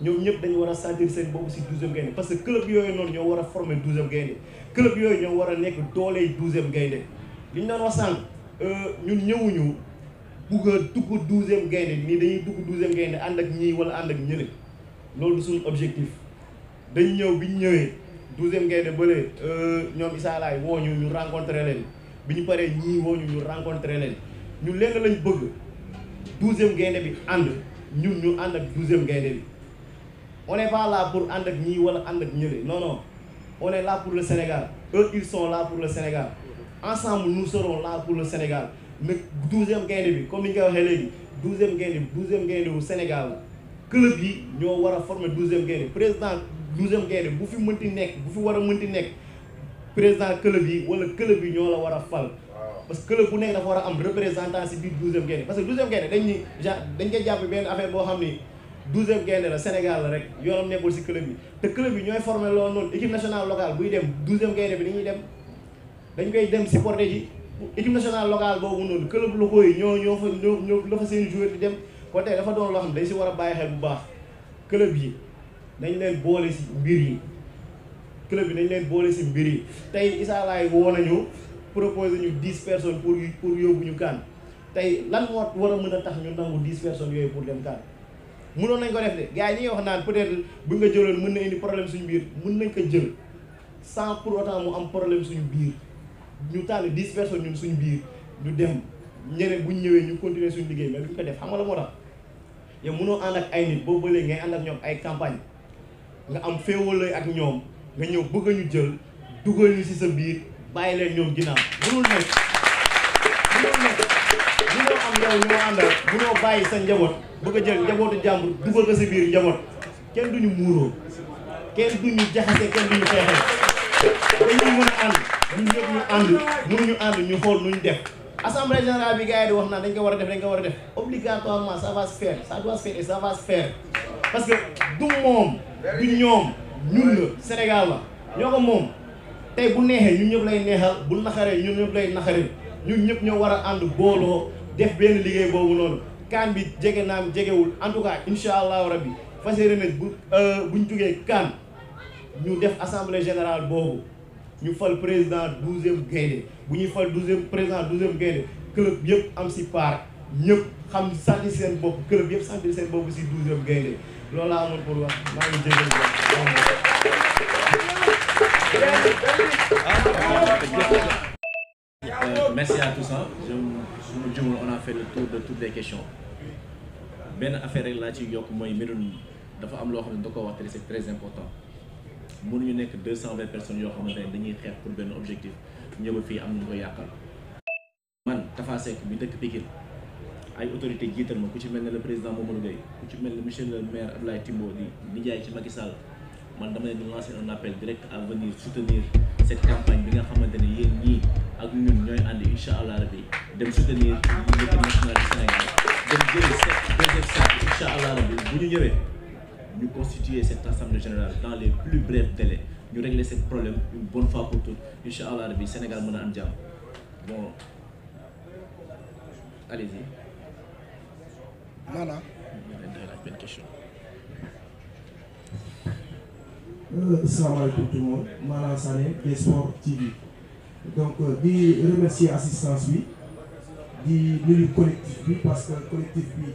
ñoom ñëpp dañu war a sentir seen bopp si douzième gaynde parce que club yooyu noonu ñoo war a former douzième gaynde club yooyu ñoo war a nekk dooley douzième gaynde li ñu doon wax euh, ñun ñëwuñu bugg a dugg douzième gaynde nii dañuy dugg douzième gaynde ànd ak ñii wala ànd ak ñële loolu suñu objectif dañ ñëw bi ñu ñëwee douzième gaynde bële euh, ñoom Issa woo ñu ñu rencontré leen bi ñu paree ñii woo ñu ñu rencontré leen ñu lenn lañ bëgg douzième gaynde bi ànd ñun ñu ànd ak douzième gaynde bi on n'est pas pour ànd ak ñii wala ànd ak ñële non non on est là pour le Sénégal eux ils sont là pour le Sénégal ensemble nous serons là pour le Sénégal mais douzième gaynde bi comme ni nga ko waxee léegi douzième gaynde bi douzième gaynde bu Sénégal club yi ñoo war a former douzième gaynde président douzième gaynde bu fi mënti nekk bu fi war a mënti nekk président club yi wala club yi ñoo la war a fal. parce que club bu nekk dafa war a am représentant si biir douzième gaynde parce que douzième gaynde dañ ni genre dañ koy jàpp benn affaire boo xam ni. douzième gaynde la Sénégal la rek yoonam nekkul si club yi te club yi ñooy formé loolu noonu équipe nationale locale buy dem douzième gaynde bi ni ñuy dem dañ koy dem supporter ji équipe nationale locale boobu noonu club locaux yi ñoo ñoo fa ñoo ñoo la fa seen joueur di dem kon tey dafa doon loo xam ne dañ si war a bàyyi xel bu baax club yi nañ leen boole si mbir yi club yi nañ leen boole si mbir yi tey Issa Laye woo nañu proposé ñu dix personnes pour pour yóbbu ñu kaan tey lan a a tax ñu nangu dix personnes yooyu pour dem kaan mënon nañ ko def de gaay ñi wax naan peut-être bu nga jëlone mën na indi problème suñu biir mën nañ ko jël sans pour autant mu am problème suñu biir ñu tan 10 personnes ñun suñu biir ñu dem ñene bu ñëwé ñu continuer suñu liggéey mais buñ ko def xam nga la tax yow mëno and ak ay nit bo beulé ngay and ak ñom ay campagne nga am féwolé ak ñom nga ñëw bëgg ñu jël dugal ñu ci sa biir bayyi leen ñom ginaaw mënul nekk yow ñu ma àndal munoo bàyyi sa njaboot bëgg a jël njabootu jàmbur dugal ko sa biir njaboot kenn duñu muuroo kenn ànd ñu ànd ñu xool nu ñu def assemblée générale bi gars yi di wax naan dañ ko war a def dañ ko war a def obligatoirement ça va se faire ça doit parce que du moom du ñoom ñun la Sénégal la ñoo ko moom tey bu neexee ñun ñëpp lay neexal bu naxaree ñun ñëpp lay naxaree ñun ñëpp ñoo war a ànd booloo def benn liggéey boobu noonu kaan bi jege naam jegewul en tout cas incha allahu rabbi fas yéene euh, bu ñu jugee kaan ñu def assemblée général boobu ñu fal président douzième gaynde bu ñuy fal douzième président douzième gaynde club yëpp am si part ñëpp xam santi seen bopp kër yëpp santi seen bopp si douzième gaynde loolu laa amoon pour wax maa ngi jégal bu baax Euh, merci à tous je me jumul on a fait le tour de toutes les questions benn affaire rek laa ci yokk mooy mbirum dafa am loo xam ne da ko wax te c'est très important mënuñu nekk deux cent vingt personnes yoo xamante ne dañuy xeex pour benn objectif ñëw fii am na ñu ko yàqal man Tafa Seck bi dëkk Pikine ay autorité jiital ma ku ci mel ne le président Mamadou Gueye ku ci mel ne monsieur le maire Abdoulaye Timbo di nijaay ci Macky Sall man dama leen de lancer un appel direct à venir soutenir cette campagne bi nga xamante yeen yéen ak ñun ñoy ànd inshallah rabbi dem soutenir l'équipe nationale du Sénégal dem jël cette deuxième sac ñu ñëwé ñu constituer cette assemblée générale dans les plus brefs délais ñu régler ce problème une bonne fois pour toutes inshallah, rabbi Sénégal mën a am bon allez-y. la question. pour euh, tout le monde Mala Sané des TV donc je euh, remercier assistance bi di collectif bi parce que le collectif bi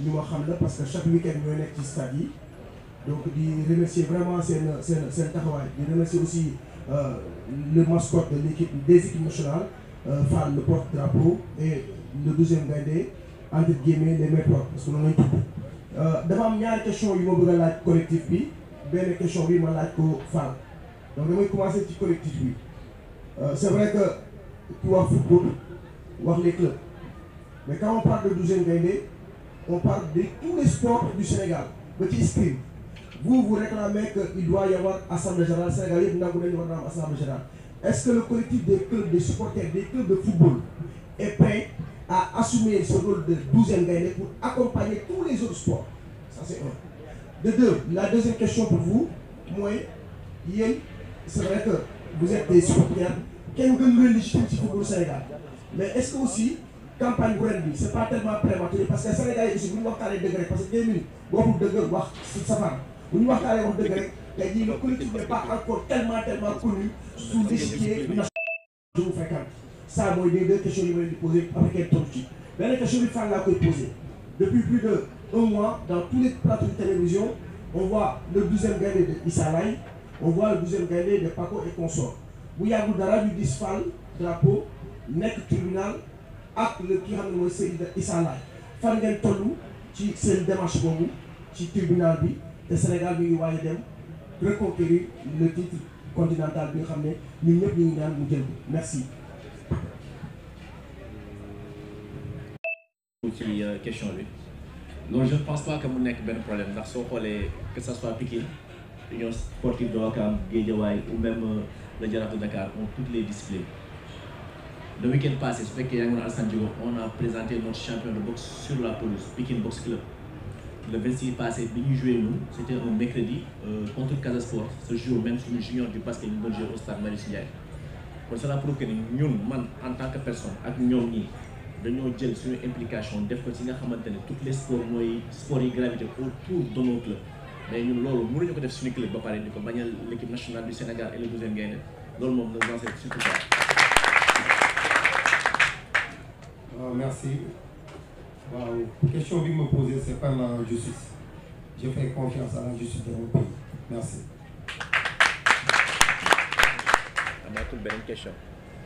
nous ma xam parce que chaque week-end nous un ci stade donc je remercie vraiment c'est seen je remercie aussi euh, le mascotte de l'équipe des équipes nationales Fall le porte-drapeau et le deuxième gardé entre guillemets les portes, parce que tous. lañ il y am une question yu ma bëgg collectif benn question bi ma laaj ko Fall donc damay commencer ci collectif bi euh, c'est vrai que vois le football tu vois les clubs mais quand on parle de douzaine Gaïndé on parle de tous les sports du Sénégal petit ci vous vous réclamez qu'il doit y avoir assemblée générale Sénégalais vous n'avez pas assemblée générale est-ce que le collectif des clubs des supporters des clubs de football est prêt à assumer ce rôle de douzaine Gaïndé pour accompagner tous les autres sports ça c'est un de deux, la deuxième question pour vous, moi, c'est vrai que vous êtes des supporters, quel est le légitime du au Sénégal Mais est-ce que aussi, campagne Grenby, ce n'est pas tellement prématuré parce que le Sénégal, aussi, vous ne parlez pas de parce que 2000, vous ne parlez pas de savane. Vous ne parlez pas de grec, le collectif n'est pas encore tellement, tellement connu sous l'échiquier national que vous fréquente. Ça, moi, il y a deux questions que je vais lui poser avec un ton L'année que je vais faire poser. Depuis plus de au moins dans tous les plateaux de télévision, on voit le deuxième gagné de Isaraï, on voit le deuxième gagné de Paco et consort Bouyagou Dara du Disfal, drapeau, nekk tribunal ak le ki nga xam Issa Laye fan ngeen toll ci ci tribunal bi te Sénégal mi ngi reconquérir le titre continental de Ramé, nous ne ñun ñëpp merci. question donc je ne pense pas que mu ben un problème que ça soit Pékin, les sportive de Wakam, Guédiawaye ou même euh, le Jaraaf de Dakar ont toutes les disciplines le week-end passé on a présenté notre champion de boxe sur la pelouse Pékin Box Club le 26 passé nous avons joué nous C'était un mercredi euh, contre Casa Sport ce jour même le junior du basket de doon joué au stade cela prouve que nous, en tant que personne nous nous, dañoo jël suñu implication def ko ci nga xamante ne toutes les sports mooy sports yi gravité autour de nos clubs mais ñun loolu mënuñu ko def suñu club ba pare di ko bañal l' équipe nationale du Sénégal et le douzième Gaïndé loolu moom la lancé surtout ça. waaw ah, merci waaw question bi ma posé c' est pas la justice je fais confiance à la justice de mon pays merci. amaatul beneen question.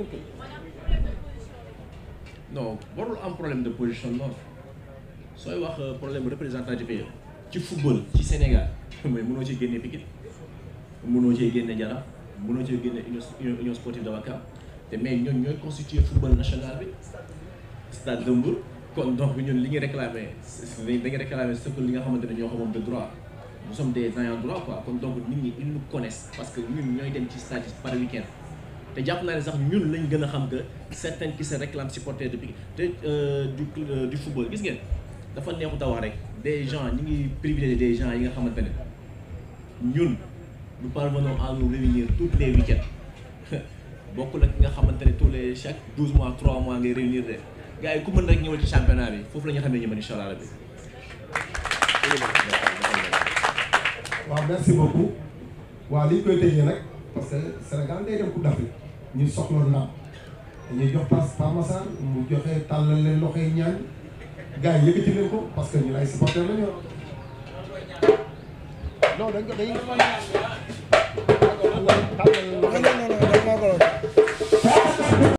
nga kii a warul am problème de position non sooy de euh, problème pays, ci football ci Sénégal mais mënoo ci génne Pikine mënoo ci génne Jaraaf mënoo ci génne union sportive de Ouakam te mais ñoom ñooy constituer football national bi stade de Mbour donc ñun li ñu réclamé dañu que surtout li nga xamante ñoo xamoon de droit nous sommes des ayants droit quoi donc nit ñi ils nous connaissent parce que ñun ñooy dem ci stade par week-end te jàpp naa ne sax ñun lañ gën a xam que certains qui se réclament supporter depuis Pikine te euh, du euh, du football gis ngeen dafa neexut taw rek des gens ñi ngi privilégié des gens yi nga xamante ne ñun nous parvenons à nous réunir toutes les week-ends bokkul ak ki nga xamante ne tous les chaque douze mois trois mois ngay réunir de gars yi ku mën rek ñëwal ci championnat bi foofu la ñu xam ñu mën incha allah rabbi. waaw merci beaucoup waaw li ñu koy tëjee nag. parce que Sénégal day dem Coupe d'Afrique ñu soxla ndam dañuy jox passe Pape Massar mu joxe tàllal leen loxo yi ñaan gars yi yëkkati leen ko parce que ñu lay supporter la ñu non dañ ko dañ ko tàllal loxo